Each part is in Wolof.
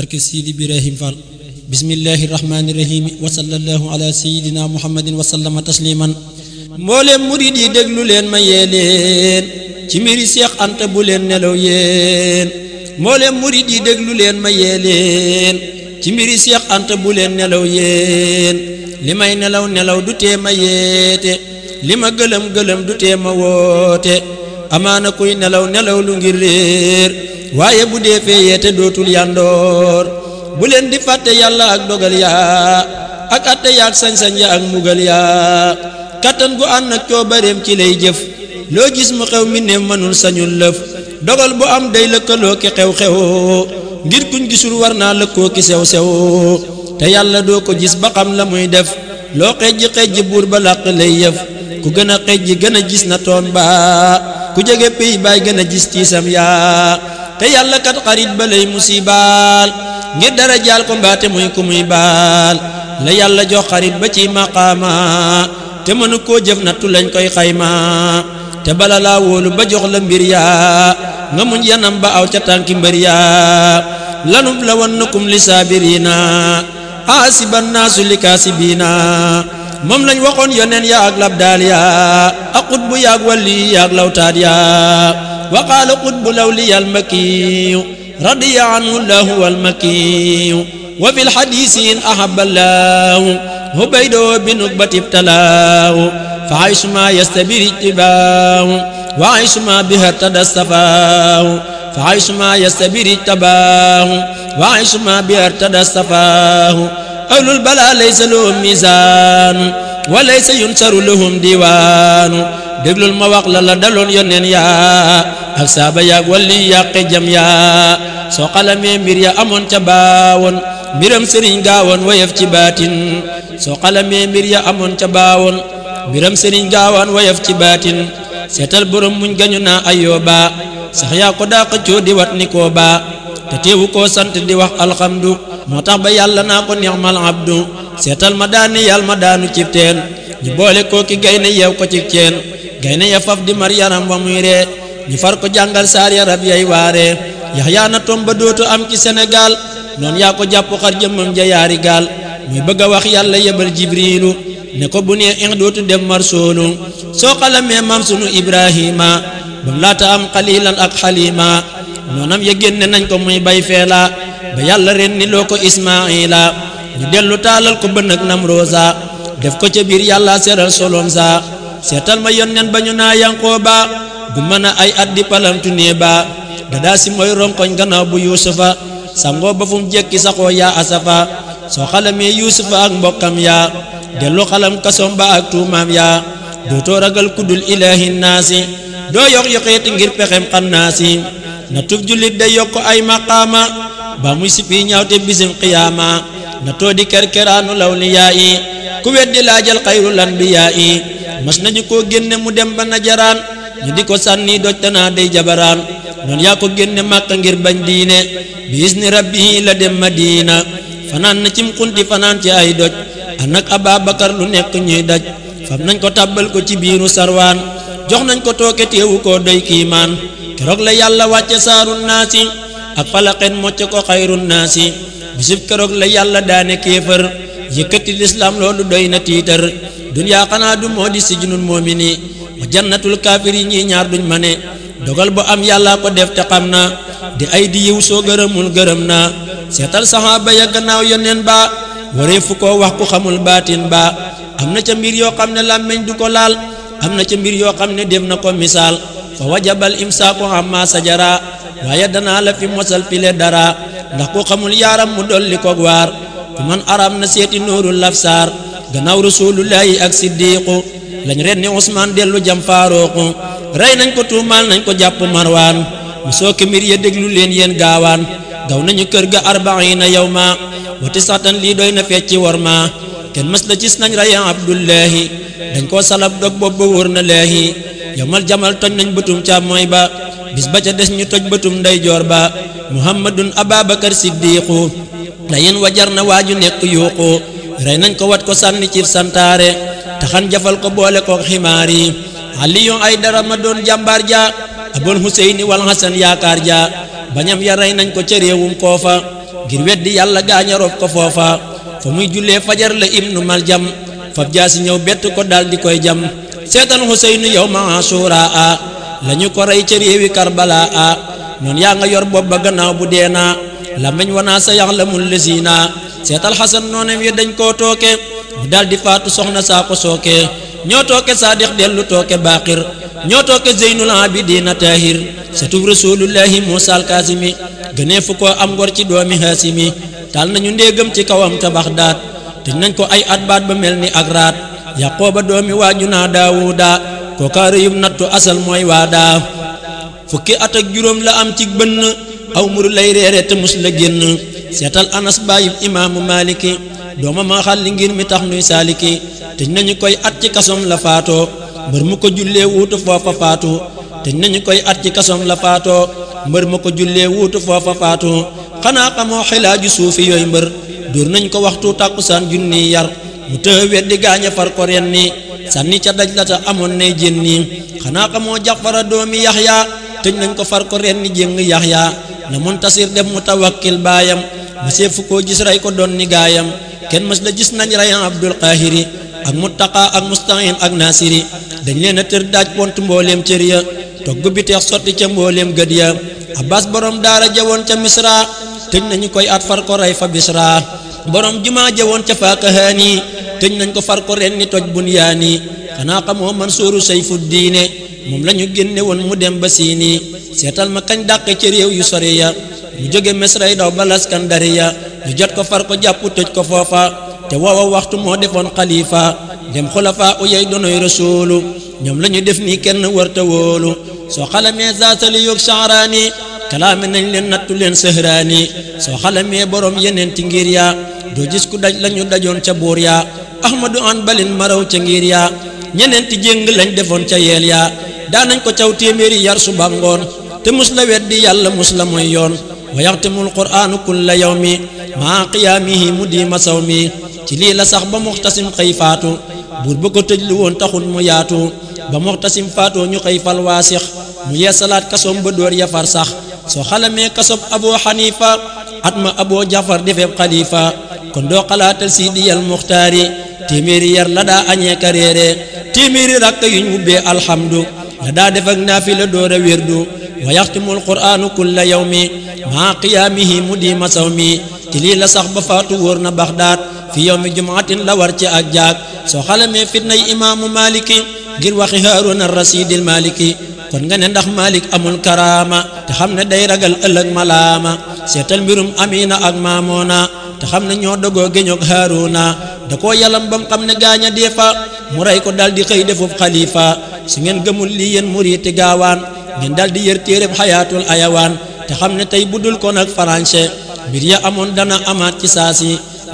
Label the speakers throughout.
Speaker 1: barke Sidi Birahim Fall bismillahi rahmaani rahim wa sallallahu ala sayidina muhammadin wa sallama tasliman mbooleem murid yi déglu leen ma yee leen ci mbiri Seex Anta bu leen nelaw yéen mbooleem murid yi déglu leen ma yee leen ci mbiri Seex ant bu leen nelaw yéen li may nelaw nelaw du tee ma yeete li ma gëlëm gëlëm du tee ma woote amaana kuy nelaw nelaw lu ngir réer waaye bu dee fee yeete dootul yandoor bu leen di fàtte yàlla ak dogal yaa ak atte yaak sañ-sañ ya ak mugal yaa kattan gu ànd ak coobareem ci lay jëf loo gis mu xew mi ne mënul sañul lëf dogal bu am day lëkkaloo ki xew-xew ngir kuñ gisul war naa lëkkoo ki sew-sew te yàlla doo ko gis ba xam la muy def loo xejji xejji buur ba làq lay yëf ku gën a xejji gën a gis na toon ba ku jege pey baay gën a gis tiisam yaa te yàlla kat xarit ba lay musibaal ngir dara jaal ko mbaate muy ku muy baal la yàlla jox xarit ba ci maqaama te mënu koo jëf nattu lañ koy xayma te bala laa ba jox la mbir yaa nga muñ yanam ba aw ca tànki mbër yaa lanub la wan nakum li saabirina aasiban naasu li kaasibiina moom lañ waxoon yoneen yaa ak labdaal yaa ak xutbu yaa ak walli yaa ak lawtaat yaa wa qaala qutbu lawliya almakiyu radiya anhu lahu almakiyu wa fi lxadisi in ahaba llahu hubaydo bi nukbati ibtalaahu fa aysu ma yastabiri ijtibaahu wa aysu ma biha tada stafaahu fa aysu ma yastabiri ijtabaahu wa aysu ma biha tada stafaahu أهل البلاء ليس لهم ميزان وليس ينصر لهم ديوان دبل المواق لا دلون يونين يا ak saaba yaag walli yàqe jam ya soo xalamee mbir ya amoon ca baawoon mbiram sëriñ gaawoon wayaf ci baatin soo xalamee mbir ya amoon ca baawoon mbiram sëriñ gaawoon wayaf ci baatin seetal borom muñ gañu naa ayoo baa sax yaa ko daa xëccoo di wat ni koo baa teewu koo sant di wax alxamdu moo tax ba yàlla naa ko nixmal abdu seetal ma daani yàlla ma daanu cib teen ñu boole kooki gaynde yeew ko ci ceen gaynde ya faf di mar wa muy ree ñu far ko jàngal saar ya rab yay waare yaxyaa na tomba dootu am ci Sénégal noonu yaa ko jàpp xar jëmmam ja yaari gaal muy bëgg a wax yàlla yebal jibriilu ne ko bu nee in dootu dem marsoolu soo xalamee maam sunu ibrahima bam laata am xalilan ak xalima noonam ya génne nañ ko muy bay feela ba yàlla ren ni loo ko ismaila ñu dellu taalal ko bën nam namrosa def ko ca biir yàlla seral solom sa seetal ma yonnen ba naa yanqoo gu mën a ay at di palantu nee baa dadaa mooy ronkoñ gannaaw bu yuusufa sangoo ba fu mu jekki saxoo yaa asafa soo xalamee yuusufa ak mbokkam yaa dellu xalam kasoom ba ak tuumaam yaa dootoo ragal kuddul ilaahi naasi doo yox yoxeeti ngir pexem xannaasi na tub jullit day yokk ay maqaama ba muy sipi ñaawte bisim qiyaama na too di kerkeraanu law li yaa yi ku weddi laajal xayrul anbiyaa yi mas nañu koo génne mu dem ba najaraan ñu di ko sànni doj tanaa day jabaraan noonu yaa ko génne màkka ngir bañ diine bi isni rabbi la dem madina fanaan na cim xunti fanaan ci ay doj ànd ak ababakar lu nekk ñuy daj fam nañ ko tàbbal ko ci biiru sarwaan jox nañ ko tooke teewu ko doy kiimaan keroog la yàlla wàcce saaru naasi ak falaqen mocc ko xayru naasi keroog la yàlla daane kéefër yëkkati lislaam loolu doy na tiitar duniyaa xanaa du moo di sijnul moomini jannatul kaafir yi ñii ñaar duñ ma ne dogal bu am yàlla ko def te xam na di ay di yiw soo gërëmul gërëm na seetal saxaaba ya gannaaw yoneen ba waree fu koo wax ku xamul baatin ba am na ca mbir yoo xam ne làmmiñ du ko laal am na ca mbir yoo xam ne dem na ko misaal fa wajabal imsaaku amma sajara waaye danaa la fi mosal file dara ndax ku xamul yaaram mu dolli ko waar ku man aram na seeti nuurul lafsaar gannaaw rasulullahi ak siddiqu lañ ren ni Ousmane dellu jam faarooku rey nañ ko tuumaal nañ ko jàpp marwaan mu sooke mbir ya déglu leen yéen gaawaan daw nañu kër ga arbaina yawma wa lii doy na fecci war ma kenn mës la gis nañ rey Abdullahi dañ koo salab dog bopp ba wóor na leehi yowmal jamal toj nañ bëtum càmmooy ba bis ba ca des ñu toj bëtum ndeyjoor ba muhammadun ababakar siddiqu layen wajar na waaju nekk yuuqu rey nañ ko wat ko sànni ci santaare taxan jafal ko boole kook ximaar yi aliyu ay dara ma doon jàmbaar ja abul huseyni wal hasan yaakaar ja bañam ya rey nañ ko ca réewum koofa ngir weddi yàlla gaaña rof ko foofa fa muy jullee fajar la ibnu maljam fab jaasi ñëw bett ko daal di koy jam seetal huseynu yow ma asura a lañu ko rey ca réewi karbala a noon yaa nga yor bopp ba gannaaw bu dee naa wa wanaa sa yax la na seetal hasan noonem yi dañ koo tooke daal di faatu soxna saa ko sooke ñoo tooke saadix dellu tooke baqir ñoo tooke zeynul abidina tahir satub rasulullahi musa alkasimi gënee fu ko am ngor ci doomi haasimi taal nañu ndéegam ci kawam ta baxdaat tëj nañ ko ay at baat ba mel ni ak raat yaqooba doomi waaju naa daawuda kookaa réyum nattu asal mooy waadaa fukki at ak juróom la am ci bënn aw mur lay reere te la génn seetal anas baayub imaamu maliki dooma a xal li ngir mi tax nuy saaliki tëj nañu koy at ci kasom la faatoo mbër mu ko jullee wuutu foofa faatu tëj nañu koy at ci kasom la faatoo mbër mu ko jullee wuutu foofa faatu xanaa xamoo xilaaju suufi yooyu mbër dóor nañ ko waxtu tàkkusaan junni yar mu tëë weddi gaaña far ko ren ni sànni ca daj la ta amoon nay jén nii xanaa xamoo jafara doomi yaxya tëj nañ ko far ko ren ni jéng yaxya na mun tasir def mu tawakkil baayam ba ko doon ni kenn mas la gis nañ rayan abdul qahiri ak muttaqa ak mustahin ak nasiri dañ leen a tër daaj pont mbooleem cër ya togg bi teex sotti ca mbooleem gëd ya abbas borom daara jawoon ca misra tëj nañu koy at far rey fa bisra borom jumaa jawoon ca faakahaani tëj nañ ko far ko ren ni toj bun yaani xanaa xamoo mansuuru sayfu diine moom la ñu génne woon mu dem ba siini seetal ma kañ dàq ca réew yu sore ya ñu jóge misray daw ba laskandariya ñu jot ko far ko jàpp tëj ko foofa te woowa waxtu moo defoon xalifa dem xulafaa u yey donoy rasuulu ñoom la ñu def nii kenn wërta wóolu soo xalamee zaasali yoog saaraani kalaame nañ leen nattu leen sëhraani soo xalamee borom yeneen ci ngir yaa doo gis ku daj la ñu dajoon ca buur yaa ahmadu an balin maraw ca ngir yaa ñeneen ti jéng lañ defoon ca yeel yaa daanañ ko caw téeméeri yar suba ngoon te mus la weddi yàlla mus la mooy yoon wa yaxtimu alquranu kulla yawmi maa qiyaamihi mu diima sawmi ci lii la sax ba muxtasim xëy faatu buur ba ko tëj lu woon taxul mu yaatu ba muxtasim faatoo ñu xëy fal waasix mu yeesalaat kasoom ba dóor ya far sax soo xalamee kasob abu xanifa at ma abu jafar defeeb xalifa kon doo xalaatal siidiyal muxtaari téeméeri yar la daa añee ka réere téeméeri rakk yuñ wubbee alhamdu la daa def ak door a wérdu wa yaxtimu alquranu kulla yawmi maa qiyaamihi mu diima saw mi ci lii la sax ba faatu wóor na baxdaat fi yawmi jumaatin la war ci ak jaag soo xalamee fitnay imaamu maliki ngir waxi haaruna rasidil maliki kon nga ndax malik amul karaama te xam ne day ragal ëllëg malaama seetal mbirum amina ak maamoona te xam ne ñoo dogoo géñoog haaruna da koo yalam bam xam ne gaañ a dee fa mu rey ko dal di xëy defub xalifa su ngeen gëmul lii yéen muriiti gaawaan ngeen dal di yër téeréb xayaatul ayawaan te xam ne tey bu dul ko nag français mbir ya amoon dana amaat ci saa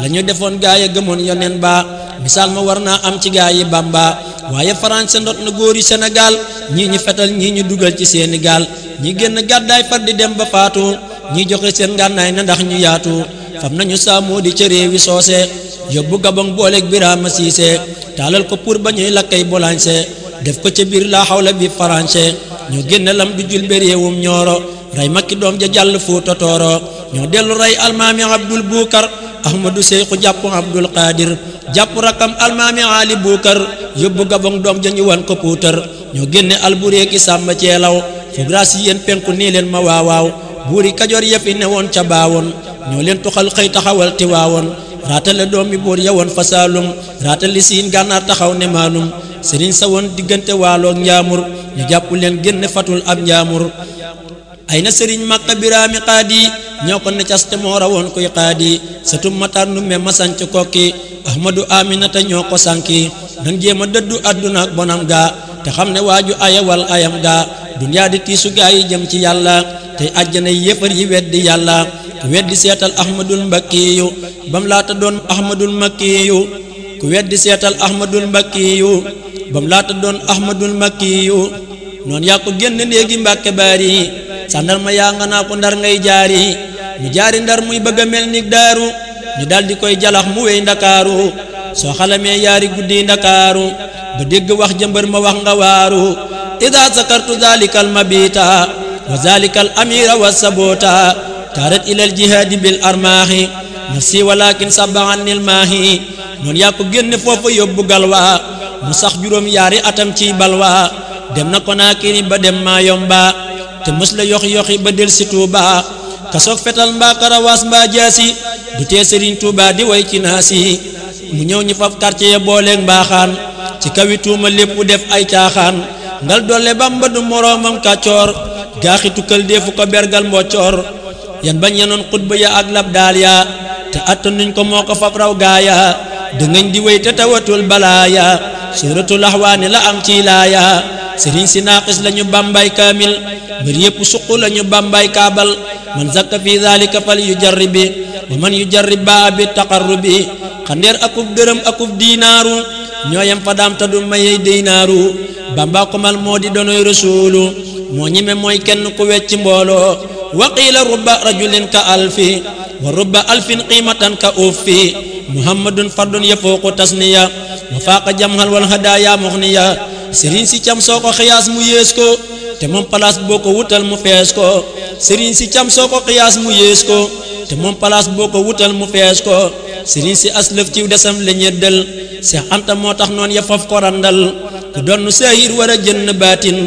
Speaker 1: la ñu defoon gaa ya gëmoon yoneen ba misaal ma war naa am ci gaa yi bamba waaye français ndot na góor yi senegal ñii ñu fetal ñii ñu dugal ci gaal ñi génn gàddaay far di dem ba faatu ñii joxe seen ngànnaay na ndax ñu yaatu fam nañu saamoo di ca réewi soose yóbbu gabon booleeg biraama siise taalal ko pour ba ñuy lakkay bolañse def ko ca biir laa xawla bi français ñu génn lam du jul ba ñooro rey makki doom ja jàll fuuta tooro ñoo dellu rey almaami abdul buukar ahmadu seyxu jàpp abdul qaadir jàpp rakam almaami ali buukar yóbbu gabong doom ja ñu wan ko puutar ñoo génne albureeki sàmm ceelaw foog raa si yéen penku nii leen ma waawaaw yi kajoor yëpp yi ne woon ca baawoon ñoo leen toxal xëy taxawal ti waawoon raatale doom mi buur ya woon fa saalum raatale siin gànnaar taxaw ne maalum sëriñ sa woon diggante waaloog njaamur ñu jàpp leen génne fatul ab njaamur ay na sëriñ Makka Biraami Xaadi ñoo ko ne caste moo rawoon koy xaadi satum Matar Ndumbe ma sanc kokki Ahmadu Aminata ñoo ko sànki nan jéem dëddu àdduna bonam ga te xam ne waaju ayawal ayam ga dunyaa di tiisu gaa yi jëm ci yàlla tey àjjana yéefar yi weddi yàlla ku weddi seetal ahmadul mbakkiyu bam laata doon ahmadul makkiyu ku weddi seetal ahmadul mbakkiyu bam laata doon ahmadul makkiyu noonu yaa ko génn léegi mbàkke baari sandal ma yaa nga naa ko ndar ngay jaari mu jaari ndar muy bëgg a mel ni daaru ñu dal koy jalax mu wey ndakaaru soo xalamee yaari guddi ndakaaru ba dégg wax jëmbër ma wax nga waaru ida sakartu zalikal mabita wa zalikal amira wa sabota taarat ilal jihaadi bil armaaxi nafsi walakin sabaanil maahi noonu yaa ko génne foofa yóbbu galwa mu sax juróom yaari atam ciy balwa dem na konaakiri ba dem maa yomba te mës la yox yoxi ba del si tuubaa kasoog fetal mbaa karawaas mbaa jaasi du tee sëriñ tuubaa di way ci naasi mu ñëw ñu fab quartier ya booleeg mbaaxaan ci kawi tuuma lépp def ay caaxaan ngal dolle bamba du moroomam kàccoor gaaxi tukkal deefu ko bergal mboccoor yan bañ yenoon xutba ya ak lab ya te attanuñ ko moo ko fab raw gaaya dëngañ di wéy te tawatul balaaya suuratul axwaani la am ci laaya sëriñ si naaqis lañu bàmbaay kaamil mbir yépp suq lañu bàmbaay kaabal man zakka fi dhalika fal yu jarri bi wa man yu jarri baa bi taqarrubi xandeer akub dërëm akub diinaaru ñooyam fa daam ta du mayey diinaaru bàmbaa donoy rasuulu moo ñime mooy kenn ku wecci mbooloo wa qiila rubba rajulin ka alfi wa rubba alfin qiimatan ka uffi muhammadun fardun yafuuqu tasniya wa faaqa jamhal wal hadaaya muxniya sëriñ si cam soo ko xiyaas mu yées ko te moom palaas boo ko wutal mu fees ko sëriñ si cam soo ko xiyaas mu yées ko te moom palaas boo ko wutal mu fees ko sëriñ si aslëf ciw desam la ñeddal seex anta moo tax noon ya faf ko randal ku donn saahir war a jënn baatin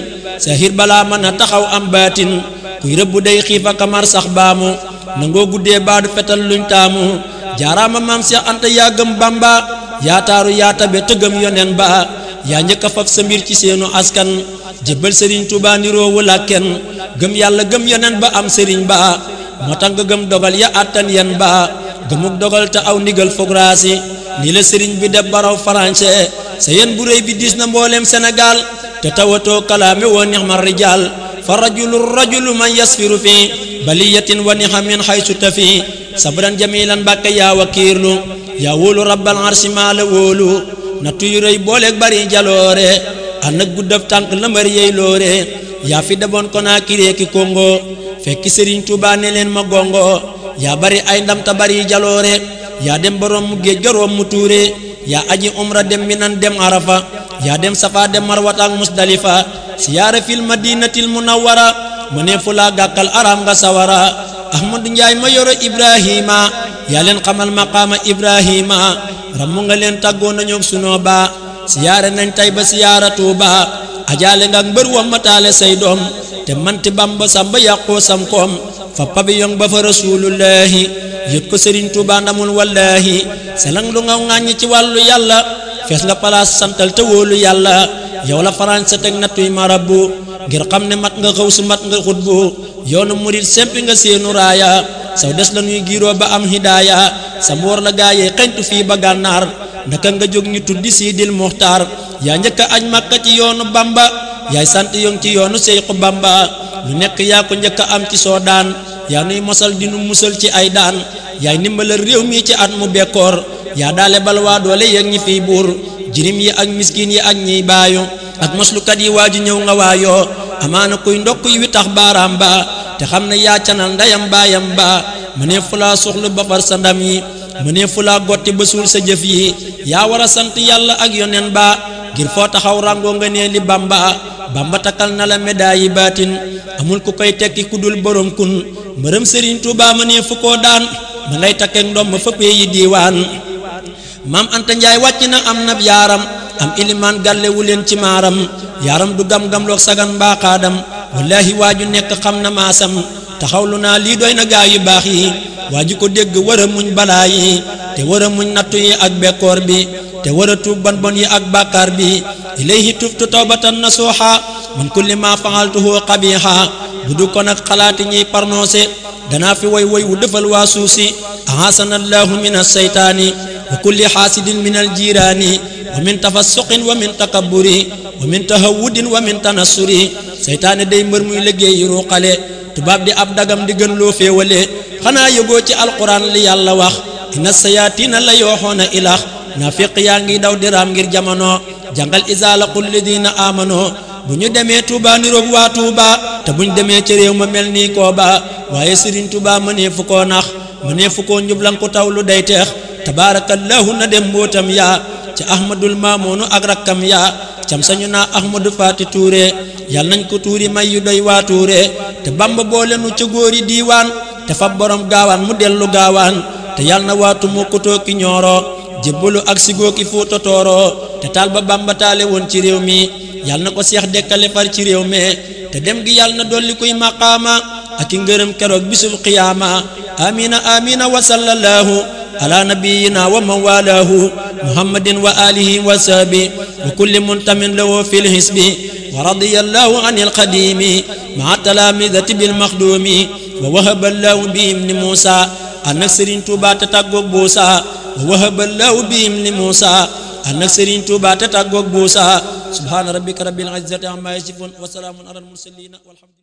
Speaker 1: saahir balaa mën a taxaw am baatin kuy rëbbu day xiif a kamar sax baamu nangoo guddee baadu fetal luñ jaaraama maam seex anta yaa gëm bamba yaataaru yaatabe tëgëm yonen ba yaa njëkk a fab sa mbir ci seenu askan jébbal sëriñ Tuubaa niroowu la gëm yàlla gëm yeneen ba am sëriñ ba moo tax gëm dogal ya àttan yan ba gëmuk dogal te aw ndigal fograasi nii la sëriñ bi def baraw français sa yen bu réy bi diis na mbooleem senegal te tawatoo kalaame woo nex ma rijaal fa rajulu rajulu man yasfiru fi baliyatin wa nixamin xaysu tafi sabran jamilan bàkke yaa wakiirlu yaa wóolu rabbal arsi maa la wóolu nattu yu rëy booleeg bari jaloore ànd ak tànk la yey loore yaa fi demoon Konaakiri ki Kongo fekki Sëriñ Tuubaa leen ma gongo yaa bari ay ndam ta bari jaloore yaa dem borom mu géej garoom mu tuure yaa aji umra dem minan dem arafa yaa dem safa dem marwata ak musdalifa siyaara fil madinatil munawwara mu ne fu laa gàkkal aram nga sawara ahmadu njaay ma yoro ibrahima yaa leen xamal maqaama ibrahima rammu nga leen tàggoo nañu sunoo ba siyaare nañ tey ba siyaara tuuba ajaale nga mbër wa mataale say doom te manti bamba samba yàqoo sam koom fa pabiyong ba fa rasulullahi yëg ko sëriñ tuuba ndamul wallahi selang lu nga ŋàññi ci wàllu yàlla fees nga palaas santal te wóolu yàlla yow la faransa teg nattuy marabu ngir xam ne mat nga xaw su mat nga xutbu yoonu murit sempi nga seenu raaya saw des la giiroo ba am hidaaya sa mboor la gaa yee xentu fii ba gànnaar naka nga jóg ñu tuddi siidil muxtaar yaa njëkk a aj màkka ci yoonu bamba yaay sant yong ci yoonu seyxu bamba lu nekk yaa ko njëkk am ci soo daan yaa nuy mosal di musal ci ay daan yaay ndimbalal réew mi ci at mu bekkoor yaa daale bal waa doole yëg ñi fiy buur jirim yi ak miskin yi ak ñiy baayu ak moslukat yi waaju ñëw nga waayoo amaana kuy ndokk yi wi tax baaraam ba te xam ne yaa canal ndeyam baayam baa mënee fulaa soxlu ba far sa ndam yi mënee fulaa gotti ba suul sa jëf yi yaa war a sant yàlla ak yonen baa ngir foo taxaw ràngoo nga nee li bamba bamba takal na la médaille yi baatin amul ku koy tekki ku dul borom kun mbërëm sëriñ Tuubaa mënee fu koo daan ma ngay takkee ndoom ma fëppee yi diiwaan maam Anta Njaay wàcc na am nab yaaram am ilimaan gàllewuleen ci maaram yaaram du gam-gamloog sagan mbaaxaadam wallaahi waa ju nekk xam na maasam taxawlu naa lii doy na gaa yu baax yi waa ji ko dégg war a muñ balaa te war muñ nattu yi ak bekkoor bi te war a tuub yi ak bàkkaar bi ilayhi tuftu tawbatan nasuuxa man kulli ma fa'altuhu qabiha du ko nag xalaat ñiy parnoncé danaa fi way way wu defal waa suuf si ahasanallaahu min alseytaani wa kulli xaasidin min aljiiraani wa min tafassuqin wa min takabburi wa min tahawudin wa min tanassuri seytaane day mbër muy liggéey yi ruuxale tubaab di ab dagam di gën loo féewalee xanaa yëgoo ci alquran li yàlla wax inna sayaatina la yooxoona ilax naafiq yaa ngi daw diraam ngir jamono jàngal isaala qul lidina amano bu ñu demee Touba niroog waa Touba te bu ñu demee ci réew ma mel nii Kooba waaye Serigne Touba mënee fu koo nax mënee fu koo njublan ku taw lu day teex tabaarakallahu na dem mbootam yaa ci ahmadul maamoonu ak rakkam yaa cam sañu naa ahmadu faati tuure yàlla nañ ko tuuri may yu doy waa tuure te bamba boole nu ca yi diiwaan te fa borom gaawaan mu dellu gaawaan te yàlla na waatu mu kutoo ki ñooro jébbalu ak sigoo ki fuuta te taal ba bamba taale woon ci réew mi yàlla na ko seex dekkale far ci réew mi te dem gi yàlla na dolli kuy maqaama ak i ngërëm keroog bisul qiyaama amina amina wa sallallahu ala nabiyina wa man walaahu muhammadin wa alihi wa sahbi وكل منتم له في الحسب ورضي الله عن القديم مع التلامذة بالمخدوم ووهب الله بهم لموسى أنك سرين توبا تتقوك بوسى ووهب الله بهم لموسى أنك سرين توبا تتقوك بوسى سبحان ربك رب العزة عما يصفون وسلام على المرسلين والحمد